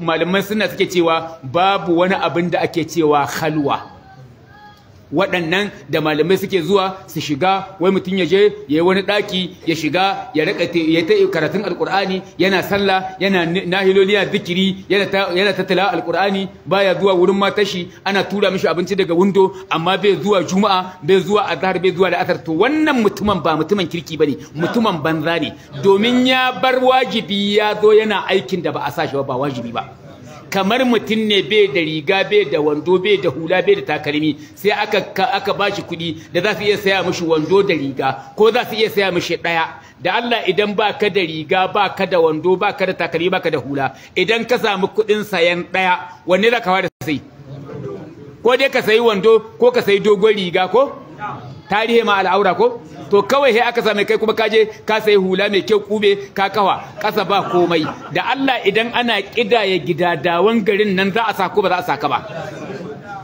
Malamai suna suke cewa babu wani abin da ake cewa halwa waɗannan da malamai suke zuwa su shiga wai mutum ya je ya yi wani ɗaki ya shiga ya rika ya ta karatun Alƙur'ani yana sallah yana nahiloliya zikiri yana Alƙur'ani. alkur'ani baya zuwa wurin matashi ana tura mishi abinci daga windo amma bai zuwa juma'a bai zuwa azhar bai zuwa la'asar to wannan mutumin ba mutumin kirki ne mutumin banza ne domin ya bar wajibi ya zo yana aikin da ba a sa shi ba wajibi ba kamar mutum ne bai da riga bai da wando bai da hula bai da takalmi sai aka aka shi kuɗi da za su iya saya mishi wando da riga ko za su iya saya mishi ɗaya da Allah idan baka da riga baka da wando baka da takalmi baka da hula idan ka samu kuɗin sayan ɗaya wanne za ka fara sai ko dai ka sayi wando ko ka sayi dogon riga ko tarihi ma al'aura ko to kawai sai aka same kai kuma ka je ka sayi hula mai kyau kube ka kawa kasa ba komai da Allah idan ana ƙidaya gidadawan garin nan za a sako ba za a saka ba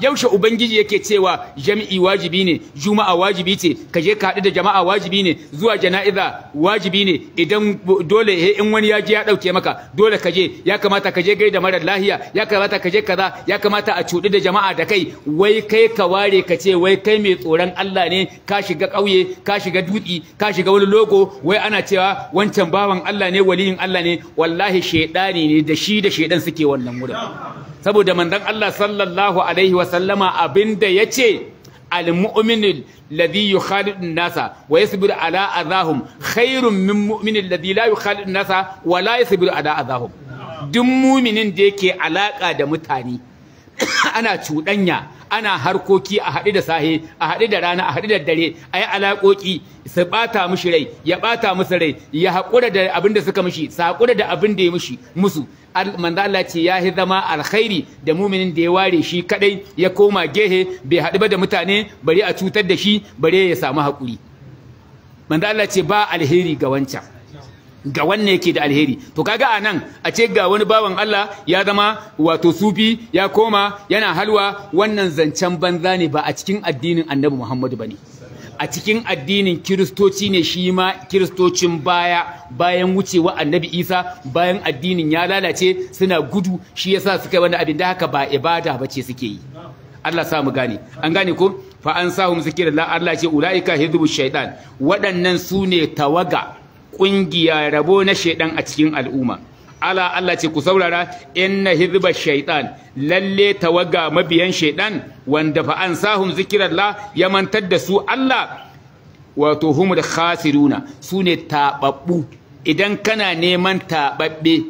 yaushe ubangiji yake cewa jami'i wajibi ne juma'a wajibi ce ka je ka da jama'a wajibi ne zuwa jana'iza wajibi ne idan dole in wani ya je ya ɗauke maka dole ka je ya kamata ka je gaida marar lahiya ya kamata ka je kaza ya kamata a cuɗi da jama'a da kai wai kai ka ware ka ce wai kai mai tsoron Allah ne ka shiga kauye ka shiga dutsi ka shiga wani logo wai ana cewa wancan bawan Allah ne waliyin Allah ne wallahi shedani ne da shi da shedan suke wannan wurin saboda mandan Allah sallallahu alaihi wa sallama abinda yace al-mu'min alladhi yukhalidu nasa wa yasbiru ala adahum khairun min mu'min alladhi la yukhalidu nasa wa la yasbiru ala adahum duk mu'minin da yake alaka da mutane ana cuɗanya ana harkoki a haɗu da sahe a haɗu da rana a haɗu da dare a yi alaƙoƙi su ɓata mushi rai ya ɓata musu rai ya haƙura da abin da suka mushi, su haƙura da abin da ya mushi. musu manzo Allah ce ya zama alkhairi da muminin da ya ware shi kaɗai, ya koma gehe bai haɗu ba da mutane bari a cutar da shi bari ya samu haƙuri manzo Allah ce ba alheri ga wancan ga wannan yake da alheri to kaga anan a ce ga wani bawan Allah ya zama wato sufi ya koma yana halwa wannan zancen banza ne ba a cikin addinin Annabi Muhammadu bane a cikin addinin kiristoci ne shi ma kiristocin baya bayan wucewa Annabi Isa bayan addinin ya lalace suna gudu shi yasa suka yi wani abin da haka ba ibada bace suke yi Allah sa mu gane an gane ko fa an sahum zikrillah Allah ce ulaika hizbu shaitan waɗannan su ne tawaga ƙungiya rabo na shaidan a cikin al'umma ala Allah ce ku saurara inna hizba shaitan lalle tawaga mabiyan shaitan wanda fa an sahum yamantar ya mantar da su Allah wato humul khasiruna sune tababbu idan kana neman tababbe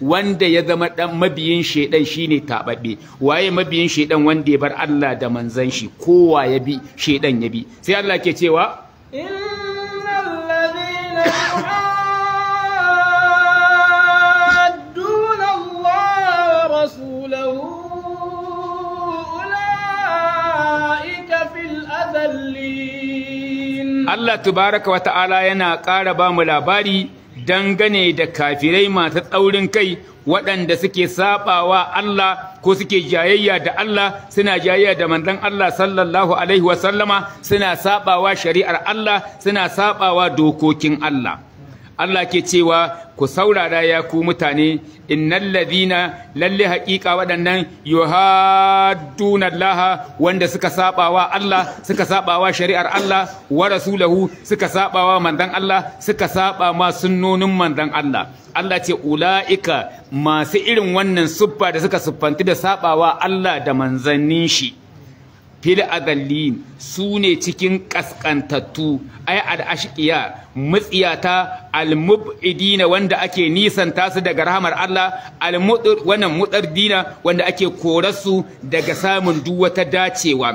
wanda ya zama dan mabiyin shaidan shine tababbe waye mabiyin shaidan wanda ya bar Allah da manzon shi kowa ya bi shaidan ya bi sai Allah ke cewa Allah tubaraka wa ta'ala yana ƙara ba mu labari dangane da kafirai masu tsaurin kai waɗanda suke saɓawa Allah ko suke jayayya da Allah suna jayayya da manzon Allah sallallahu alaihi wasallama suna saɓawa shari'ar Allah suna saɓawa dokokin Allah Allah ke cewa ku saurara ya ku mutane innal ladina lalle haƙiƙa waɗannan yuhadduna Allah wanda suka sabawa Allah suka sabawa shari'ar Allah wa rasulahu suka sabawa mandan Allah suka saba ma sunnonin mandan Allah Allah ce ula'ika masu irin wannan siffa da suka siffanti da sabawa Allah da manzannin shi fil agallin su ne cikin kaskantattu ai al ashqiya mutsiyata al mubidina wanda ake nisanta su daga rahamar Allah al mudur wannan mudardina wanda ake korarsu daga samun duk wata dacewa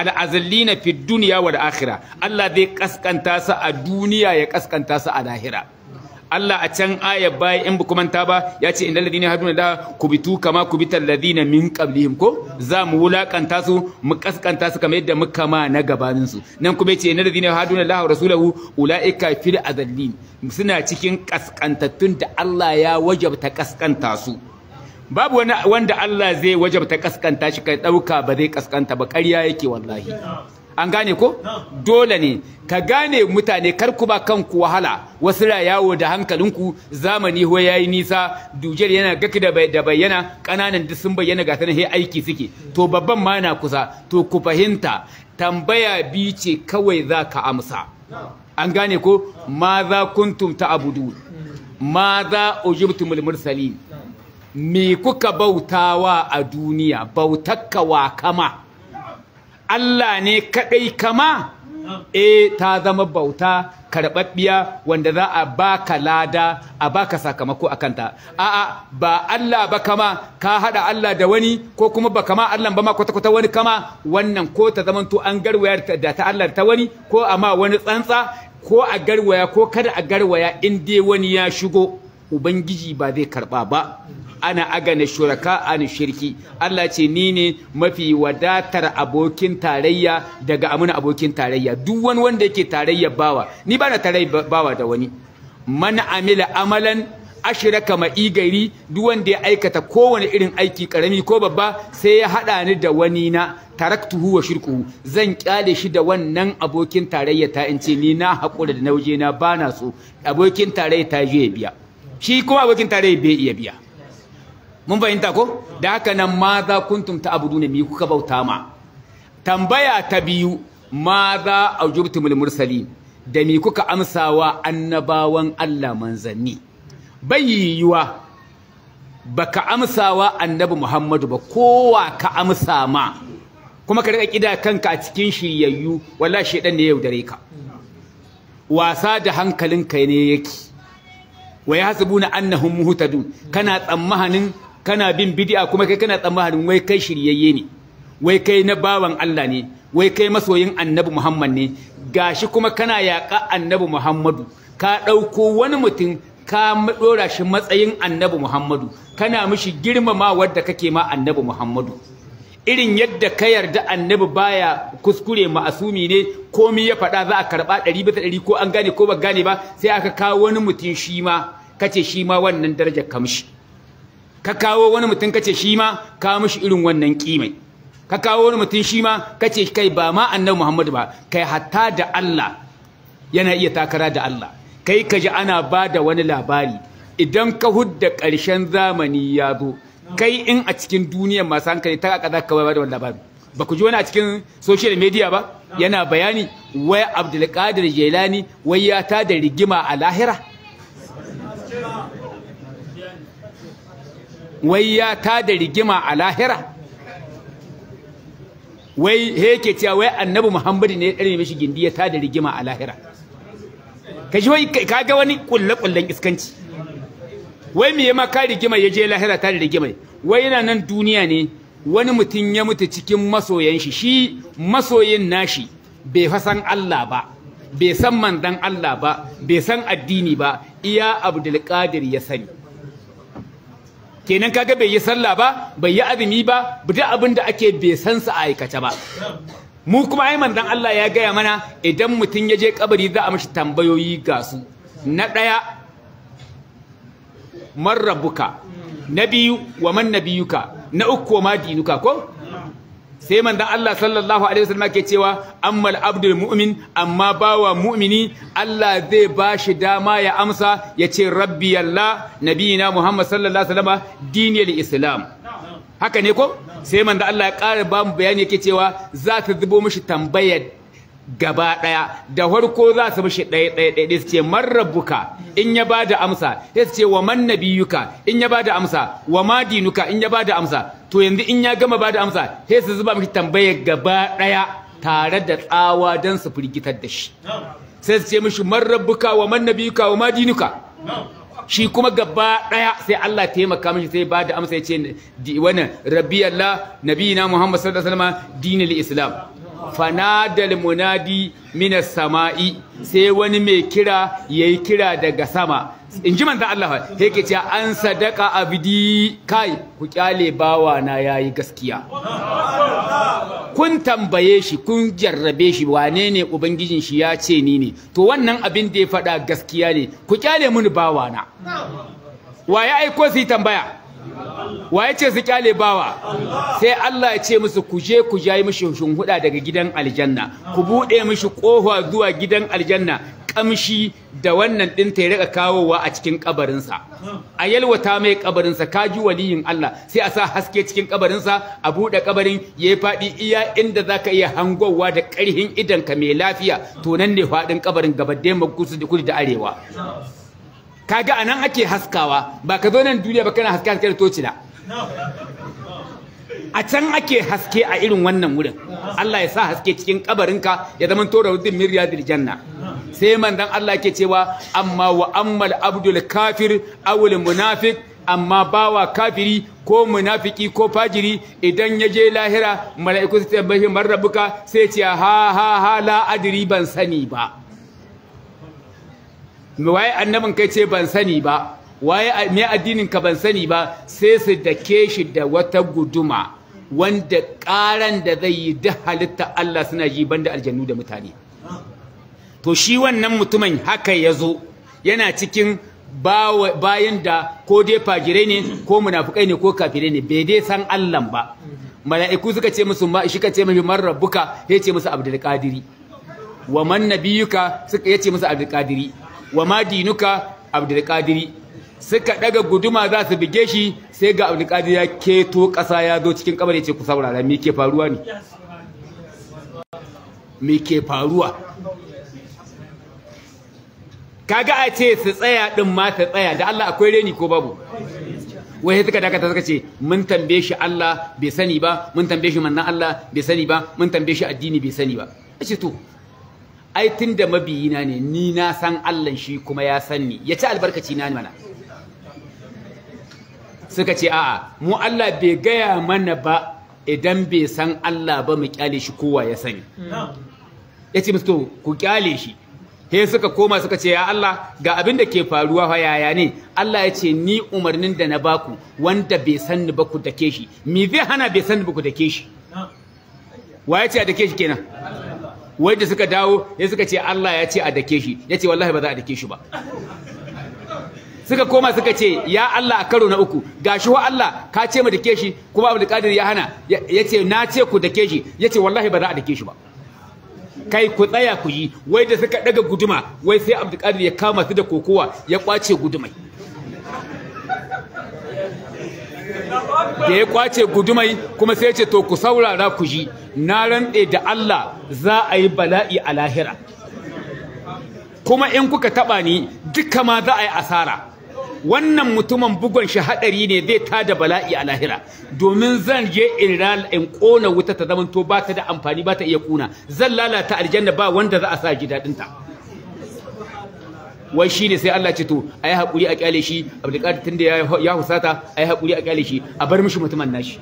al azallina fid dunya wal akhirah Allah zai kaskanta su a duniya ya kaskanta su a lahira Allah a can aya baya in bu manta ba ya ce inda ladina haduna da kubitu kama kubital ladina min qablihim ko za mu wulakanta su mu kaskanta su kamar yadda muka ma na gabanin su nan kuma yace inda ladina haduna da rasulahu ulaika fil azallin suna cikin kaskantattun da Allah ya wajabta kaskanta su babu wani wanda Allah zai wajabta kaskanta shi kai dauka ba zai kaskanta ba ƙarya yake wallahi an gane ko dole ne ka gane mutane kar ku ba kanku wahala wasu ra yawo da hankalinku zamani ho yayi nisa dujar yana gaki da da bayyana kananan duk sun bayyana ga sanan aiki suke to babban ma na kusa to ku fahimta tambaya bi ce kawai za ka amsa an gane ko ma za kuntum ta'budu ma za ujibtumul mursalin me kuka bautawa a duniya bautakka wa kama Allah ne kaɗai kama e ta zama bauta karɓaɓɓiya wanda za a baka lada a baka sakamako a kanta a'a ba Allah ba kama ka haɗa Allah da wani ko kuma ba kama Allah ba ma kwata-kwata wani kama wannan ko ta to an garwaya da ta Allah ta wani ko a wani tsantsa ko a garwaya ko kada a garwaya in dai wani ya shigo ubangiji ba zai karɓa ba ana agane shuraka an shirki Allah ce ni ne mafi wadatar abokin tarayya daga amina abokin tarayya duk wani wanda yake tarayya bawa ni ba na tarayya bawa da wani Mana amila amalan ashiraka ma'i gairi duk wanda ya aikata kowane irin aiki karami ko babba sai ya haɗa ni da wani na taraktuhu wa shirkuhu zan kyale shi da wannan abokin tarayya ta in ce ni na haƙura da waje na bana so abokin tarayya ta je ya biya shi kuma abokin tarayya bai iya biya mun fahimta ko da haka nan ma za kuntum ta abudu ne mi kuka bauta ma tambaya ta biyu ma za aujubtumul mursali da mi kuka amsawa annabawan Allah manzanni bai yiwuwa baka amsawa annabi Muhammadu ba kowa ka amsa ma kuma ka rika ƙida kanka a cikin shiryayyu wala shedan ne yaudare ka wasa da hankalinka ne yake wa yahsabuna annahum muhtadun kana tsammanin kana bin bidi'a kuma kai kana tsammanin wai kai shiryayye ne wai kai na bawan Allah ne wai kai masoyin annabi Muhammad ne gashi kuma kana yaƙa annabi Muhammadu ka ɗauko wani mutum ka ɗora shi matsayin annabi Muhammadu kana mishi girmama wadda kake ma annabi Muhammadu irin yadda ka yarda annabi baya kuskure ma'asumi ne komi ya faɗa za a karɓa ɗari bisa ɗari ko an gane ko ba gane ba sai aka kawo wani mutum shi ma kace shi ma wannan darajar kamshi ka kawo wani mutum kace shi ma ka mishi irin wannan kimai ka kawo wani mutum shi ma kace kai ba ma annabi Muhammadu ba kai hatta da Allah yana iya takara da Allah kai ka ji ana ba da wani labari idan ka hudda ƙarshen zamani ya zo kai in a cikin duniyar masu hankali ta kaka ka bayar da wannan labari ba ku ji wani a cikin social media ba yana bayani wai abdulkadir jelani wai ya ta da rigima a lahira wai ya ta da rigima a lahira wai yake cewa wai annabi muhammadu ne ya ɗari mishi gindi ya ta da rigima a lahira ka ji wai ka ga wani kulle-kullen iskanci wai me ma ka rigima ya je lahira ta rigima wai yana nan duniya ne wani mutum ya mutu cikin masoyan shi shi masoyin nashi bai fasan Allah ba bai san mandan Allah ba bai san addini ba iya Abdul Qadir ya sani kenan kaga bai yi sallah ba bai yi azumi ba duk abin da ake bai san sa aikata ba mu kuma ai mandan Allah ya gaya mana idan mutum ya je kabari za a mishi tambayoyi ga su na daya. man rabbuka na biyu wa man nabiyuka na uku wa ma dinuka ko sai manzon Allah sallallahu alaihi wasallam ke cewa ammal abdul mu'min amma bawa mu'mini Allah zai bashi dama ya amsa ya ce rabbi Allah nabiyina Muhammad sallallahu alaihi wasallam dinil islam haka ne ko sai manzon Allah ya ƙara ba mu bayani yake cewa za ta zubo mishi tambayar gaba ɗaya da farko za su mishi ɗaya ɗaya ɗaya su ce man in ya ba da amsa sai su ce wa man nabiyuka in ya ba da amsa wa ma dinuka in ya ba da amsa to yanzu in ya gama ba da amsa sai su zuba mishi tambaya gaba ɗaya tare da tsawa don su firgitar da shi sai su ce mishi man wa man nabiyuka wa ma dinuka shi kuma gaba ɗaya sai Allah taimaka mishi sai ba da amsa ya ce wani rabbi Allah na Muhammad sallallahu alaihi wasallam dinil islam fanadal munadi minas sama'i sai wani mai kira yayi kira daga sama in ji manzan Allah sai ke ce an sadaka abdi kai ku kyale bawa na yayi gaskiya kun tambaye shi kun jarrabe shi wane ne ubangijin shi ya ce ni ne to wannan abin da ya faɗa gaskiya ne ku kyale mini bawa na wa ya aiko su tambaya wa ya ce su kyale bawa sai Allah ya ce musu ku je ku jayi mishi huda daga gidan aljanna ku buɗe mishi ƙofa zuwa gidan aljanna kamshi da wannan ɗin ta rika kawowa a cikin kabarinsa a yalwata mai kabarinsa ka ji waliyin Allah sai a sa haske cikin kabarinsa a buɗe kabarin ya yi faɗi iya inda za ka iya hangowa da ƙarhin idanka mai lafiya to nan ne faɗin kabarin gaba da kudu da arewa kaga anan ake haskawa ba ka zo nan duniya ba kana haska da tocila a can ake haske a irin wannan wurin Allah ya sa haske cikin kabarinka ya zama tora wuddin min riyadil janna sai dan Allah yake cewa amma wa ammal abdul kafir awul munafik amma bawa kafiri ko munafiki ko fajiri idan ya je lahira mala'iku su tabbahi marrabuka sai ce ha ha ha la adri ban sani ba waye annabin kai ce ban sani ba waye me addinin ka ban sani ba sai su dake shi da wata guduma wanda karan da zai yi da halitta Allah suna ji banda aljannu da mutane to shi wannan mutumin haka ya zo yana cikin bayan da ko dai fagirai ne ko munafukai ne ko kafirai ne bai dai san Allah ba mala'iku suka ce musu ma shi ka ce mafi mar rabbuka ya ce musu abdul qadiri wa man nabiyuka suka ya ce musu abdul qadiri wa ma dinuka abdulkadiri suka daga guduma za su bige shi sai ga abdulkadiri ya keto ƙasa ya zo cikin kabari ya ce ku saurara me ke faruwa ne me ke faruwa kaga a ce su tsaya din ma ta tsaya da Allah akwai reni ko babu wai suka dakata suka ce mun tambaye shi Allah bai sani ba mun tambaye shi manna Allah bai sani ba mun tambaye shi addini bai sani ba ce to ai tun da mabiyina ne ni na san Allah shi kuma ya san ni ya ci albarkaci na mana suka ce a'a mu Allah bai gaya mana ba idan bai san Allah ba mu kyale shi kowa ya sani ya ce musu ku kyale shi he suka koma suka ce ya Allah ga abin da ke faruwa fa yaya ne Allah ya ce ni umarnin da na baku wanda bai san ni ba ku dake shi me zai hana bai san ni ba ku dake shi wa ya ce a dake shi kenan wai da suka dawo ya suka ce Allah ya ce a dake shi ya ce wallahi ba za a dake shi ba suka koma suka ce ya Allah a karo na uku shi wa Allah ka ce mu dake shi kuma Abdul Qadir ya hana ya ce na ce ku dake shi ya ce wallahi ba za a dake shi ba kai ku tsaya ku yi wai da suka daga guduma wai sai Abdul ya kama su da kokowa ya kwace gudumai da ya kwace gudumai kuma sai ya ce to ku saurara ku ji na rantse da Allah za a yi bala'i a lahira kuma in kuka taɓa ni duka ma za a yi asara wannan mutumin bugon shi hadari ne zai ta da bala'i a lahira domin zan je iral in kona wuta ta zamanto ba ta da amfani ba ta iya kuna zan lalata aljanna ba wanda za a sa ji dadin ta wai shine sai Allah ce to ayi hakuri a kyale shi abdulkadir tunda ya husata ayi hakuri a kyale shi a bar mishi mutumin nashi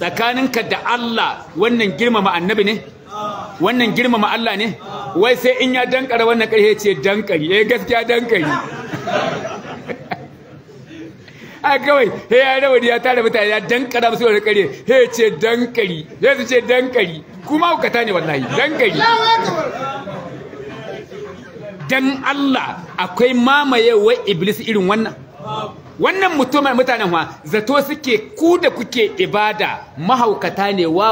tsakaninka da Allah wannan girmama annabi ne wannan girmama Allah ne wai sai in ya dankara wannan ƙarhe ce dankari eh gaskiya dankari a kawai he ya da ya tare mutane ya dankara musu wani ƙarhe he ce dankari he su ce dankari kuma hukata ne wallahi dankari dan Allah akwai mamaye wai iblis irin wannan wannan mutumin mutanen wa zato suke ku da kuke ibada mahaukata ne wa